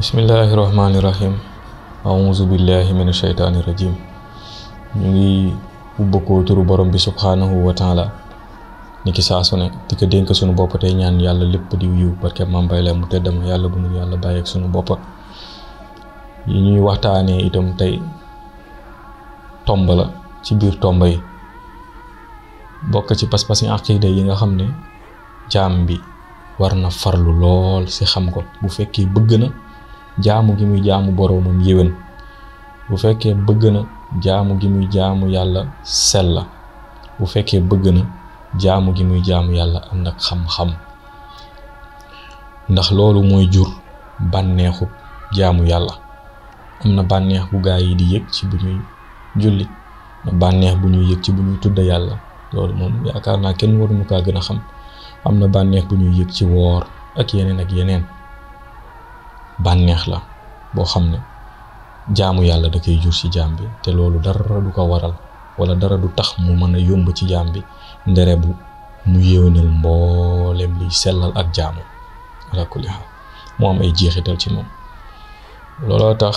bismillahirrahmanirrahim a'udzu billahi minash shaitanir rajim ñu ngi ubba ko turu borom bi subhanahu wa ta'ala niki saa su ne dika denk suñu bop tay ñaan yalla lepp di yiw barke mam bay la mu teddam yalla bu yalla yàlla ya ak suñu bop yi ñuy waxtaanee itam tay tomba la ci biir tomba yi bokk ci pass pasi aqida ya, yi nga xam jambi warna farlu lol si xam ko bu bëgg na jaamu gi muy jaamu boroomam yéwén bu fekkee bëgg na jaamu gi muy jaamu yàlla sell la bu fekkee bëgg na jaamu gi muy jaamu yàlla am nag xam ndax loolu mooy jur bànneexu jaamu yàlla am na bànneex bu gaa yi di yëg ci bu ñuy julli bànneex bu ñuy yëg ci bu ñuy tudda yàlla loolu moom yaakaar naa kenn waruñu kaa gën a xam am na bànneex bu ñuy yëg ci woor ak yeneen ak yeneen bànneex la boo xam ne jaamu yàlla da koy jur ci jaam bi te loolu dara du ko waral wala dara du tax mu mën a yomb ci jaam bi ndere bu mu yéwénal mboolem liy sellal ak jaamu ala kulli xaal mu am ay jeexital ci moom looloo tax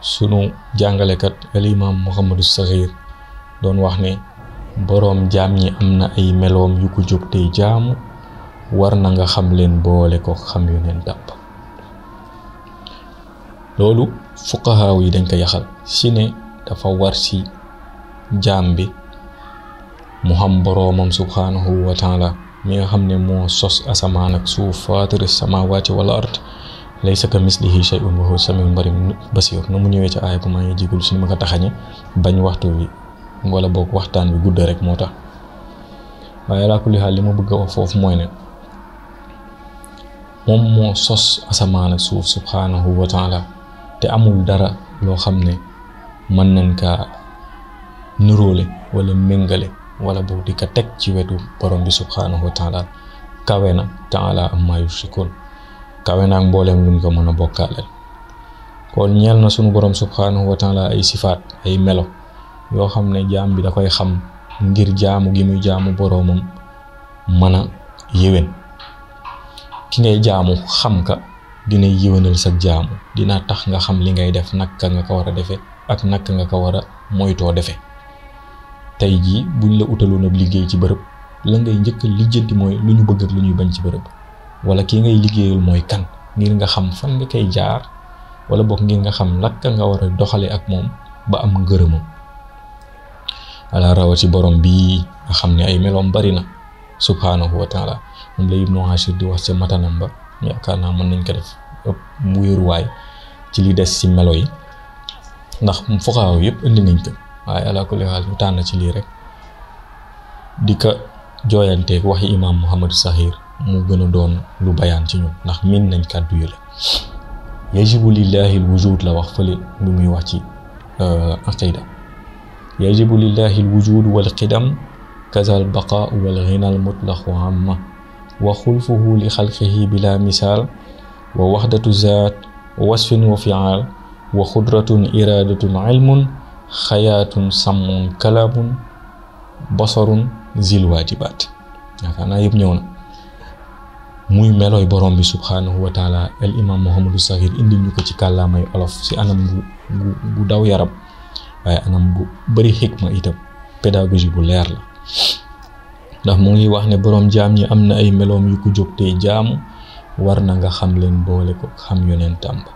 sunu jàngalekat al imaam Muhammadu Saxiir doon wax ne boroom jaam ñi am na ay meloom yu ko jóg tey jaamu war na nga xam leen boole ko xam yu neen dàpp loolu fuqahaaw yi dañ ko yaxal si ne dafa war si jaam bi mu xam boroomam subhaanahu wa taala mi nga xam ne moo sos asamaan ak suuf faatiri samawaati wal ard laysa ka mislihi shay'un wa huwa samiun bari basiir nu mu ñëwee ci aaya ko maa ngi jigul suñu ma ko taxañe bañ waxtu wala boog waxtaan bi gudd rek moo tax waaye laa li ma bëgg a foofu mooy ne moom sos asamaan ak suuf subhaanahu wa taala te amul dara yoo xam ne mën nañ kaa nuróole wala méngale wala boobu di ko teg ci wetu borom bi subhaanahu wa taala kawe na taala amma yushrikun kawe naag mbooleem luñ ko mën a bokkaaleel kon ñeel na sunu borom subhaanahu wa taala ay sifaat ay melo yoo xam ne jaam bi da koy xam ngir jaamu gi muy jaamu boroomam mën a yéwén ki ngay jaamu xam ka dina yiwanal sa jaamu dinaa tax nga xam li ngay def naka nga ko war a defee ak naka nga ko war a moytoo defee tey jii buñ la utaloon ab liggéey ci bërëb la ngay njëkk a lijjanti mooy lu ñu bëgg ak lu ñuy bañ ci bërëb wala kii ngay liggéeyal mooy kan ngir nga xam fan nga koy jaar wala boog ngir nga xam naka nga war a doxalee ak moom ba am ngërëmam ala rawati borom bii nga xam ne ay meloom bari na subhaanahu wa taala moom la Ibnu Ashir di wax ca matanam yaakaar naa mën nañ ko def mu mu wéeruwaay ci li des ci melo yi ndax fuqaaw yëpp indi nañ ko waaye ala xaal ñu tànn ci lii rek di ko jooyanteeg waxi imaam Muhammad Saxiir mu gën a doon lu bayaan ci ñun ndax miin nañ kàddu yi la yajibu lillahi alwujud la wax fële lu muy wax ci euh, aqida yajibu lillahi alwujud wal qidam kaza al baqa wal ghina al mutlaq wa xulfuhu li xalqihi bila misaal wa waxdatu zaat wasfin wa fiaal wa xudratun iraadatun ilmun xayaatun sàmmun kalaamun basarun waajibaat yaakaar naa yëpp ñëw muy melooy borom bi subhaanahu wa taala al imam indi ñu ko ci kàllaamay olof si anam bu bu daw yaram waaye anam bu bëri xikma itam pédagogie bu leer la ndax mu ngi wax ne borom jaam ñi am na ay meloom yu ko jóg te jaamu war na nga xam leen boole ko xam yonentam ba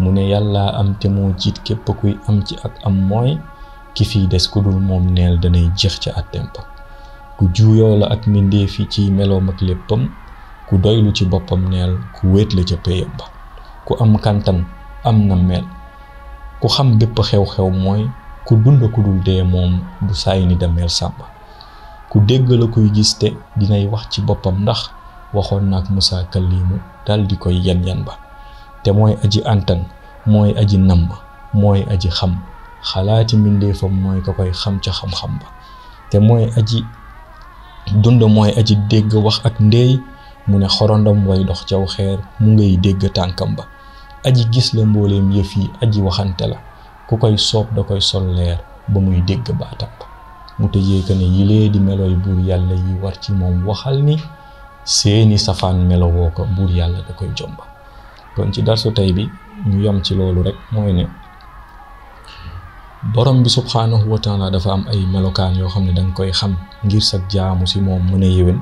mu ne yàlla am te moo jiit képp kuy am ci ak am moy ki fi des ku dul moom neel danay jeex ci àttem ku juuyoo la ak mbindeef fi ci meloom ak léppam ku doylu ci boppam neel ku wéet la ca péyam ba ku am kantan am na mel ku xam bépp xew-xew mooy ku dund ku dul dee moom bu saay ni mel sàmba ku dégg la kuy gis te dinay wax ci boppam ndax waxoon naak Musaa Kallimu dal di koy yan yan ba te mooy aji antan mooy aji namm mooy aji xam xalaati mbindeefam mooy ka koy xam ca xam-xam ba te mooy aji dund mooy aji dégg wax ak ndeey mu ne xorondam way dox caw xeer mu ngay dégg tànkam ba aji gis la mbooleem yëf yi aji waxante la ku koy soob da koy sol leer ba muy dégg baatam mu tëjee que ne yile di yi bur yalla yi war ci mom waxal ni seeni safan melo woko bur yalla da koy jomba kon ci darso tay bi ñu yam ci lolu rek moy ne borom bi subhanahu wa taala dafa am ay melokan yo xamne dang koy xam ngir sag jaamu ci mom mu ne yewen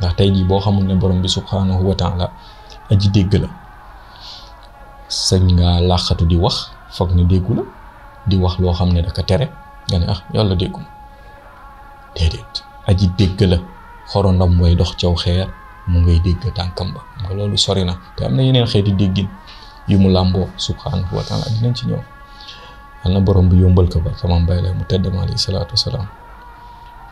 ndax tay ji bo xamul ne borom bi subhanahu wa taala aji dégg la sañ nga di wax ne di wax lo xamne da ka tere gane ah yalla déggu dedet aji dégg la xorondam mooy dox caw xeer mu ngay dégg tankam ba nga loolu sori na te amna yeneen xeeti déggin yu mu lambo subhanahu wa taala dinañ ci ñëw yal borom bi yombal ko sama mbay la mu tedd ma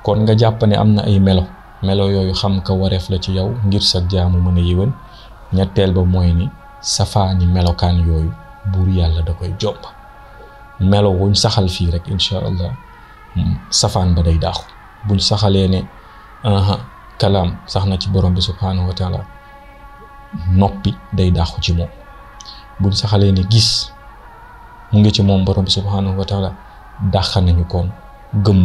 kon nga japp ne amna ay melo melo yoyu xam ka waref la ci yow ngir sa jaamu meuna yewen ñettel ba mooy ni safaani melokaan yoyu bur yàlla da koy jomb melo wuñ saxal fi rek inshallah allah ba day daxu buñ saxalee ne aha kalaam sax na ci borom bi subhaanahu wa noppi day dàqu ci moom buñ saxalee ne gis mu ngi ci moom borom bi subhaanahu wa taala nañu koom gëmm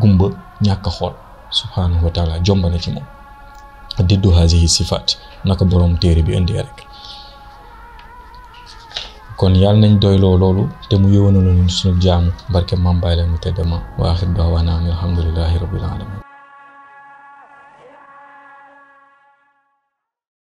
gumba ñàkk xool subhaanahu wa taala jomba na ci moom diddu haasihi sifaat naka borom téere bi indee rek kon yàlla nañ doyloo loolu te mu yëwanalu ñun suñu jaamu barke Maam Baay la ñu tëdd ma waaxit daawaana alhamdulillahi rabbil alamin